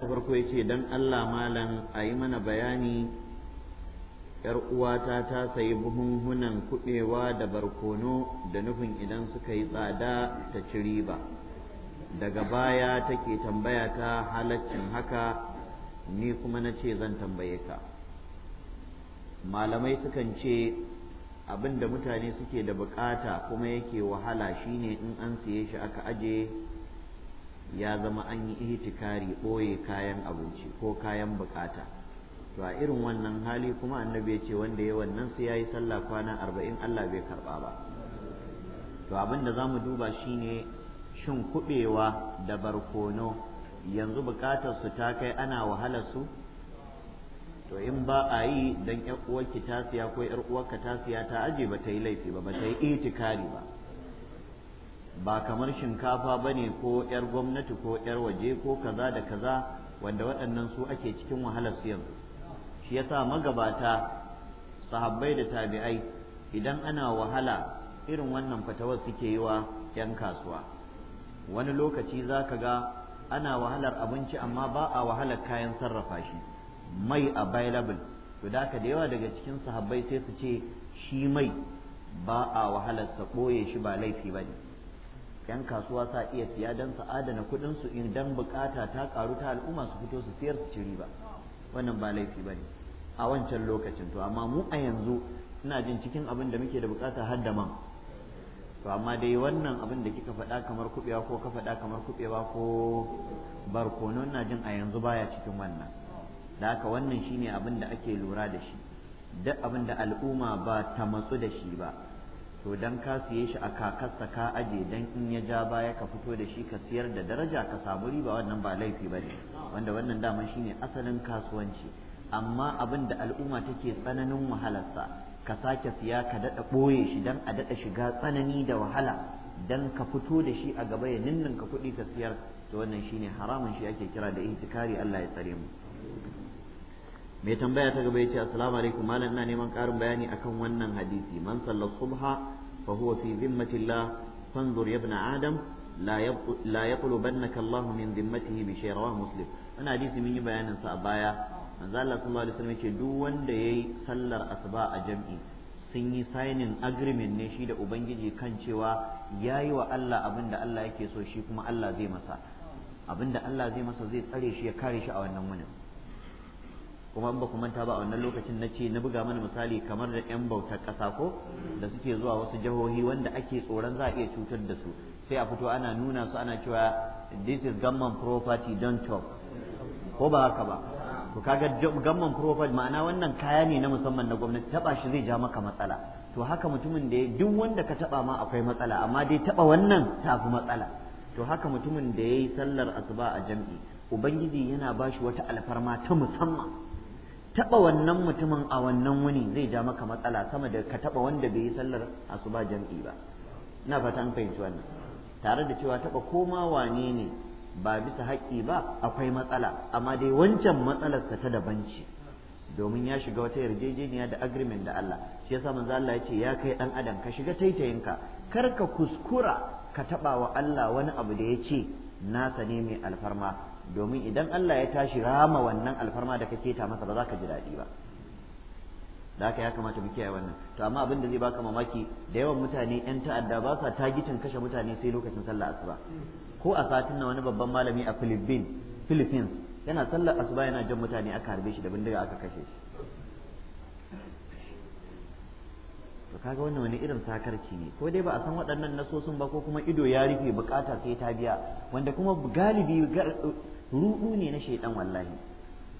farko ya dan Allah malam a yi mana bayani ‘yar uwata ta sayi buhunhunan kuɓewa da barkono da nufin idan suka yi tsada ta ci riba daga baya take tambaya ta halaccin haka ni kuma na ce zan tambaye ka malamai sukan ce abin da mutane suke da bukata kuma yake wahala shine in an siye shi aka aje ya zama an yi ihtikari ɓoye kayan abinci ko kayan bukata to a irin wannan hali kuma annabi ya ce wanda ya wannan sai ya yi sallah kwana arba'in Allah bai karɓa ba to abin da za mu duba shine shin kuɓewa da barkono yanzu bukatarsu ta kai ana wahalar su to in ba a yi don 'yar uwarki ta ko 'yar uwarka ta siya ta aje ba ta yi laifi ba ba ta yi itikari ba ba kamar shinkafa ba ne ko 'yar gwamnati ko 'yar waje ko kaza da kaza wanda waɗannan su ake cikin wahalar su yanzu shi yasa magabata sahabbai da tabi'ai idan ana wahala irin wannan fatawar suke yi wa 'yan kasuwa wani lokaci za ka ga ana wahalar abinci amma ba a wahalar kayan sarrafa shi mai available to da da yawa daga cikin sahabbai sai su ce shi mai ba a wahalar sa ɓoye shi ba laifi ba ne 'yan kasuwa sa iya siya don su adana kuɗin su idan bukata ta karu ta al'umma su fito su siyar su ci riba wannan ba laifi bane a wancan lokacin to amma mu a yanzu ina jin cikin abin da muke da bukata har da man to amma dai wannan abin da kika faɗa kamar kuɓewa ko ka faɗa kamar kuɓewa ko barkono ina jin a yanzu baya cikin wannan da haka wannan shine abin da ake lura da shi duk abin da al'umma ba ta matsu da shi ba to dan ka siye shi a kakarsa ka aje dan in ya ja baya ka fito da shi ka siyar da daraja ka samu riba wannan ba laifi ba ne wanda wannan daman shine asalin kasuwanci amma abin da al'umma take tsananin wahalarsa ka sake siya ka daɗa ɓoye shi dan a daɗa shiga tsanani da wahala dan ka fito da shi a gaba ya ninninka kuɗi ka siyar to wannan shine haramun shi ake kira da ihtikari Allah ya tsare mu mai tambaya ta gaba ya ce assalamu alaikum malam ina neman ƙarin bayani akan wannan hadisi man sallar subha فهو في ذمة الله فانظر يا ابن آدم لا يطلبنك الله من ذمته بشيء رواه مسلم أنا حديث من بيان سأبايا manzo Allah sallallahu alaihi wasallam yace duk wanda yayi sallar asuba a jam'i sun yi signing agreement ne shi da ubangiji kan cewa yayi wa Allah abin da Allah yake so shi kuma Allah zai masa abin Allah zai masa zai tsare shi ya kare shi a wannan wunin kuma in ba ku manta ba a wannan lokacin na ce na buga mana misali kamar da 'yan bautar ƙasa ko da suke zuwa wasu jihohi wanda ake tsoron za a iya cutar da su sai a fito ana nuna su ana cewa this is government property don talk ko ba haka ba to kaga government property ma'ana wannan kaya ne na musamman na gwamnati taba shi zai ja maka matsala to haka mutumin da duk wanda ka taba ma akwai matsala amma dai taba wannan ta fi matsala to haka mutumin da yayi sallar asuba a jam'i ubangiji yana bashi wata alfarma ta musamman taɓa wannan mutumin a wannan wuni zai ja maka matsala sama da ka taɓa wanda bai yi sallar asuba jam'i ba na fata an fahimci wannan tare da cewa taɓa koma wane ne ba bisa haƙƙi ba akwai matsala amma dai wancan matsalar ta daban ce domin ya shiga wata yarjejeniya da agreement da Allah shi yasa manzo Allah ya ce ya kai dan adam ka shiga taitayinka kar ka kuskura ka taɓa wa Allah wani abu da ya ce nasa ne mai alfarma domin idan Allah ya tashi rama wannan alfarma da kake ta masa ba za ka ji daɗi ba da haka ya kamata mu kiyaye wannan to amma abin da zai baka mamaki da yawan mutane yan ta'adda ba sa tagitin kashe mutane sai lokacin sallar asuba ko a satin na wani babban malami a Philippines Philippines yana sallar asuba yana jan mutane aka harbe shi da bindiga aka kashe shi to kaga wannan wani irin sakarci ne ko dai ba a san waɗannan nasosin ba ko kuma ido ya rufe bukata sai ta biya wanda kuma galibi ruɗu ne na shaiɗan wallahi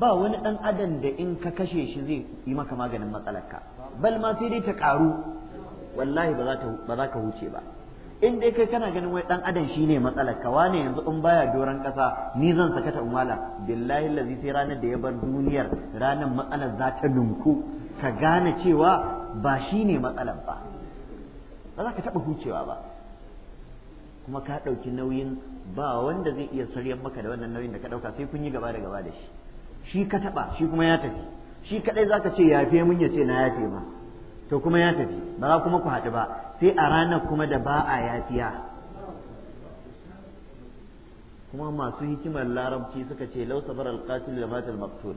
ba wani ɗan adam da in ka kashe shi zai yi maka maganin matsalarka bal ma sai dai ta ƙaru wallahi ba za ka huce ba in dai kai kana ganin wai ɗan adam shi ne matsalarka wane yanzu in baya doron ƙasa ni zan saka ta umala billahi lazi sai ranar da ya bar duniyar ranar matsalar za ta dunku ka gane cewa ba shi ne matsalar ba ba za ka taɓa hucewa ba kuma ka ɗauki nauyin ba wanda zai iya saryan maka da wannan nauyin da ka ɗauka sai kun yi gaba da gaba da shi shi ka taɓa shi kuma ya tafi shi kaɗai za ka ce fiye mun ya ce na fiye ma to kuma ya tafi ba za kuma ku haɗu ba sai a ranar kuma da ba a yafiya kuma masu hikimar larabci suka ce lau sabar alƙatil da matal maktul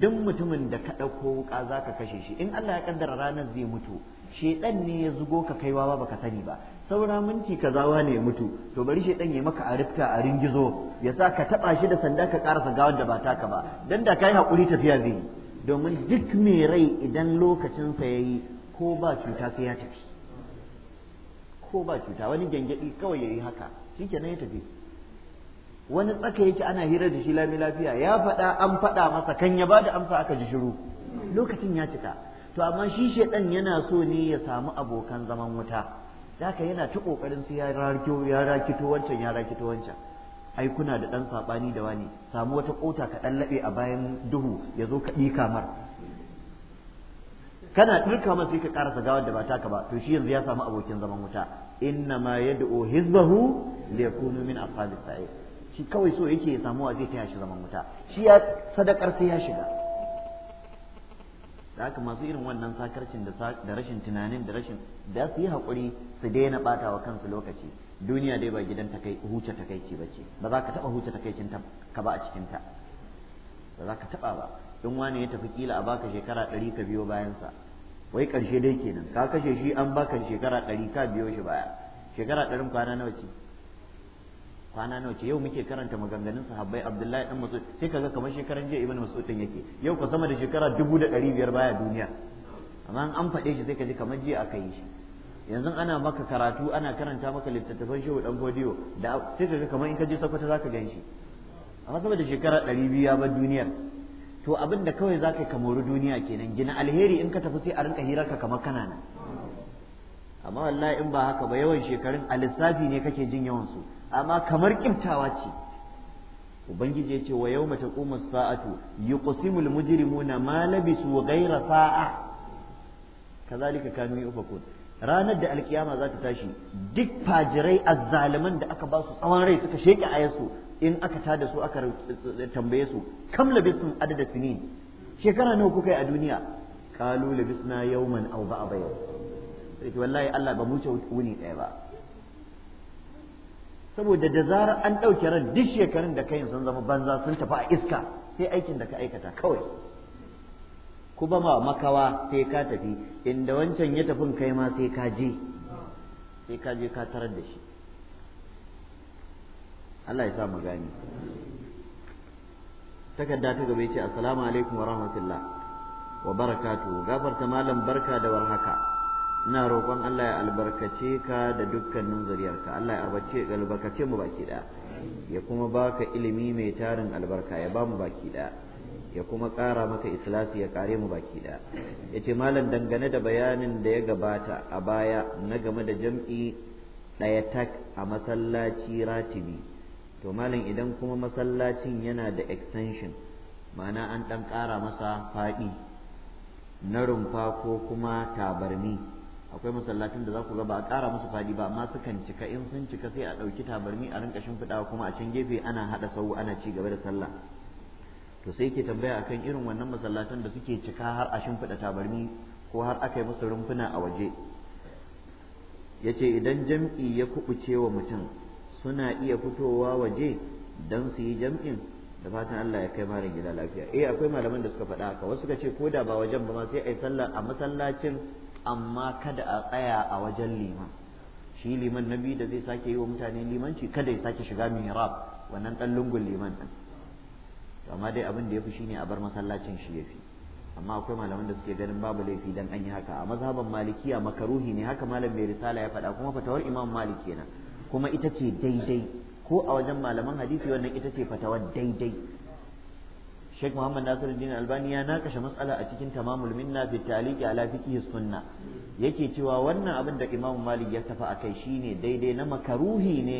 duk mutumin da ka ɗauko wuƙa za ka kashe shi in Allah ya kaddara ranar zai mutu shedan ne ya zugo ka kaiwa ba baka sani ba saura minti kazawa ne mutu to bari shedan ya maka arifta a ringizo ya sa ka taba shi da sanda ka karasa gawar da ba taka ba dan da kai hakuri tafiya zai domin duk mai rai idan lokacin sa yayi ko ba cuta sai ya tafi ko ba cuta wani gangadi kawai yayi haka shikenan ya tafi wani tsaka yake ana hira da shi lami lafiya ya faɗa an faɗa masa kan ya bada amsa aka ji shiru lokacin ya cika to amma shi shedan yana so ne ya samu abokan zaman wuta haka yana ta kokarin su ya rakito wancan ya rakito wancan ai kuna da dan sabani da wani samu wata kota ka dan labe a bayan duhu ya zo ka dika mar kana dirka masa sai ka karasa gawar da ba taka ba to shi yanzu ya samu abokin zaman wuta inna ma yad'u hizbahu liyakunu min aqalis sa'i shi kawai so yake ya samu a zai taya shi zaman wuta shi ya sadakar sai ya shiga da haka masu irin wannan sakarcin da rashin tunanin da rashin da su yi haƙuri su daina ɓata wa kansu lokaci duniya dai ba gidan huce takaici ba ce ba za ka taɓa huce takaicin ka ba a cikinta ba za ka taɓa ba in wani ya tafi kila a baka shekara ɗari ka biyo bayansa wai ƙarshe dai kenan ka kashe shi an baka shekara ɗari ka biyo shi baya shekara ɗarin kwana nawa ce kwana nawa ce yau muke karanta maganganun sahabbai abdullahi dan mas'ud sai kaga kamar shekaran jiya ibnu mas'ud din yake yau ka sama da shekara dubu da ɗari biyar baya duniya amma an faɗe shi sai ka ji kamar jiya aka yi shi yanzu ana maka karatu ana karanta maka littattafan shehu dan godiyo da sai kaga kamar in ka je sakwata zaka gan shi amma da shekara ɗari biyu ya bar duniyar to abin da kawai zaka yi kamori duniya kenan gina alheri in ka tafi sai a rinka ka kamar kana nan amma wallahi in ba haka ba yawan shekarun a lissafi ne kake jin yawan su amma kamar kimtawa ce ubangiji ya ce wa yau mace kuma saatu yuqsimu mujirimu na ma su ghayra sa'a kazalika kanu yufakun ranar da alkiyama za ta tashi duk fajirai azzaliman da aka ba su tsawon rai suka sheke ayasu in aka tada su aka tambaye su kam labisun adada sinin shekara nawa kuka yi a duniya kalu labisna yawman aw ba'a bayan sai wallahi Allah ba mu ce wuni ɗaya ba saboda da zarar an ɗauke ran duk shekarun da kayan sun zama banza sun tafi a iska sai aikin da ka aikata kawai kuma ma makawa sai ka tafi inda wancan ya tafin kai ma sai ka je sai ka je ka tarar da shi Allah ya sa mu gani takarda ta gaba ce assalamu alaikum wa rahmatullah wa barakatuhu gafarta malam barka da warhaka ina roƙon Allah ya albarkace ka da dukkanin zuriyarka Allah ya albarkace mu baki ɗaya ya kuma baka ilimi mai tarin albarka ya ba mu baki ɗaya ya kuma ƙara maka ikhlasi ya kare mu baki ɗaya ya ce malam dangane da bayanin da ya gabata a baya na game da jam'i ɗaya tak a masallaci ratibi to malam idan kuma masallacin yana da extension ma'ana an ɗan ƙara masa faɗi na rumfa ko kuma tabarmi akwai masallacin da za ku ga ba a ƙara musu fadi ba amma sukan cika in sun cika sai a ɗauki tabarmi a rinka shimfiɗawa kuma a can gefe ana haɗa sau ana ci gaba da sallah to sai ke tambaya akan irin wannan masallatan da suke cika har a shimfiɗa tabarmi ko har aka yi musu rumfuna a waje Ya ce idan jam'i ya kuɓuce wa mutum suna iya fitowa waje don su yi jam'in da fatan Allah ya kai mara gida lafiya eh akwai malaman da suka faɗa haka wasu suka ce ko da ba wajen ba ma sai yi sallah a masallacin amma kada a tsaya a wajen liman shi liman na biyu da zai sake yi wa mutane limanci kada ya sake shiga mihrab wannan dan lungun liman din amma dai abin da ya shine a bar masallacin shi ya amma akwai malaman da suke ganin babu laifi dan an yi haka a mazhaban malikiya makaruhi ne haka malam mai risala ya faɗa kuma fatawar imam malik kenan kuma ita ce daidai ko a wajen malaman hadisi wannan ita ce fatawar daidai Sheikh Muhammad Nasiruddin Albani ya nakashe matsala a cikin Tamamul Minna fi Taliqi ala fiqh sunna yake cewa wannan abin da Imam Malik ya tafa akai shine daidai na makaruhi ne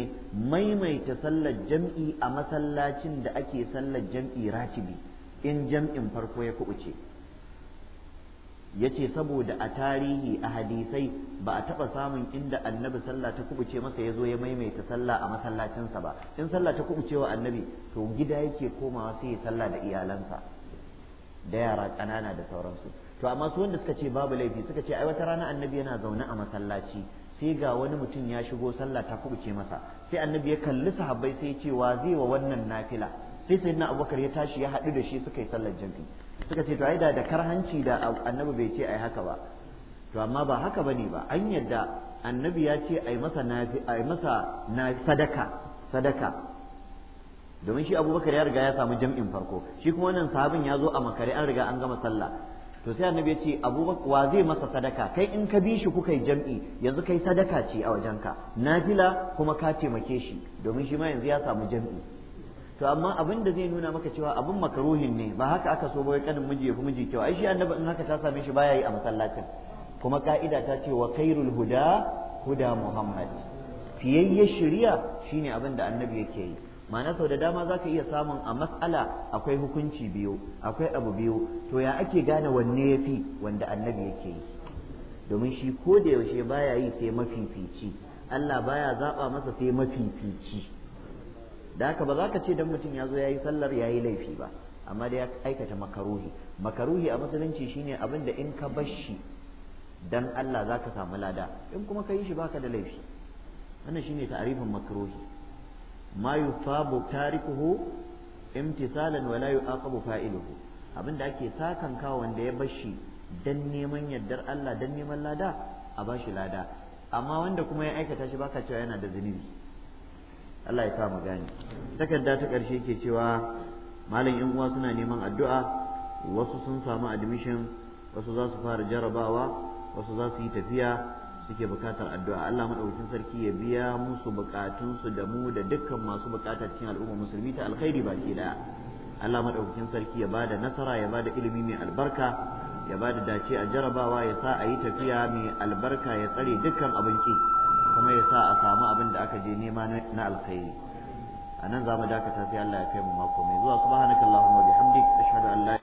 maimaita sallar jam'i a masallacin da ake sallar jam'i ratibi in jam'in farko ya kubuce yace saboda a tarihi a hadisai ba a taɓa samun inda annabi sallah ta kubuce masa ya zo ya maimaita sallah a masallacinsa ba in sallah ta kubuce wa annabi to gida yake komawa sai ya sallah da iyalansa da yara ƙanana da sauransu to amma su wanda suka ce babu laifi suka ce ai wata rana annabi yana zaune a masallaci sai ga wani mutum ya shigo sallah ta kubuce masa sai annabi ya kalli sahabbai sai ya ce wa zai wa wannan nafila sai sayyidina abubakar ya tashi ya haɗu da shi suka yi sallar jami'i suka ce to ai da karhanci da annabi bai ce ai haka ba to amma ba haka bane ba an yadda annabi ya ce ai masa nafi ai masa sadaka sadaka domin shi abubakar ya riga ya samu jam'in farko shi kuma wannan sahabin ya zo a makare an riga an gama sallah to sai annabi ya ce abubakar wa zai masa sadaka kai in ka bi shi kuka yi jam'i yanzu kai sadaka ce a wajenka nafila kuma ka taimake shi domin shi ma yanzu ya samu jam'i to amma abin da zai nuna maka cewa abin makaruhin ne ba haka aka so ba bai kanin miji ya miji kyau ai shi annabi in haka ta same shi baya yi a masallacin kuma ka'ida ta ce wa khairul huda huda muhammad fiyayye shiriya shine abin da annabi yake yi ma'ana sau da dama zaka iya samun a mas'ala akwai hukunci biyu akwai abu biyu to ya ake gane wanne yafi wanda annabi yake yi domin shi ko da yaushe baya yi sai mafifici Allah baya zaba masa sai mafifici da haka ba za ka ce dan mutum ya zo ya yi sallar ya yi laifi ba amma da ya aikata makaruhi makaruhi a musulunci shine abin da in ka bar shi dan Allah za ka samu lada in kuma ka yi shi baka da laifi wannan shine ta'arifin makaruhi ma yusabu tarikuhu imtisalan wa la yu'aqabu fa'iluhu abin da ake sakan kawo wanda ya bar shi dan neman yardar Allah dan neman lada a bashi lada amma wanda kuma ya aikata shi baka cewa yana da zunubi Allah ya sa mu gane takarda ta ƙarshe ke cewa malam yan uwa suna neman addu'a wasu sun samu admission wasu za su fara jarabawa wasu za su yi tafiya suke bukatar addu'a Allah madaukakin sarki ya biya musu bukatunsu da mu da dukkan masu bukatar cikin al'umma musulmi ta alkhairi baki daya Allah madaukakin sarki ya bada nasara ya bada ilimi mai albarka ya bada dace a jarabawa ya sa a yi tafiya mai albarka ya tsare dukkan abinci kuma ya sa a samu abin da aka je nema na alkhairi a nan za mu dakata sai Allah ya kai mu mako mai zuwa subhanakallahumma bihamdik ashhadu an la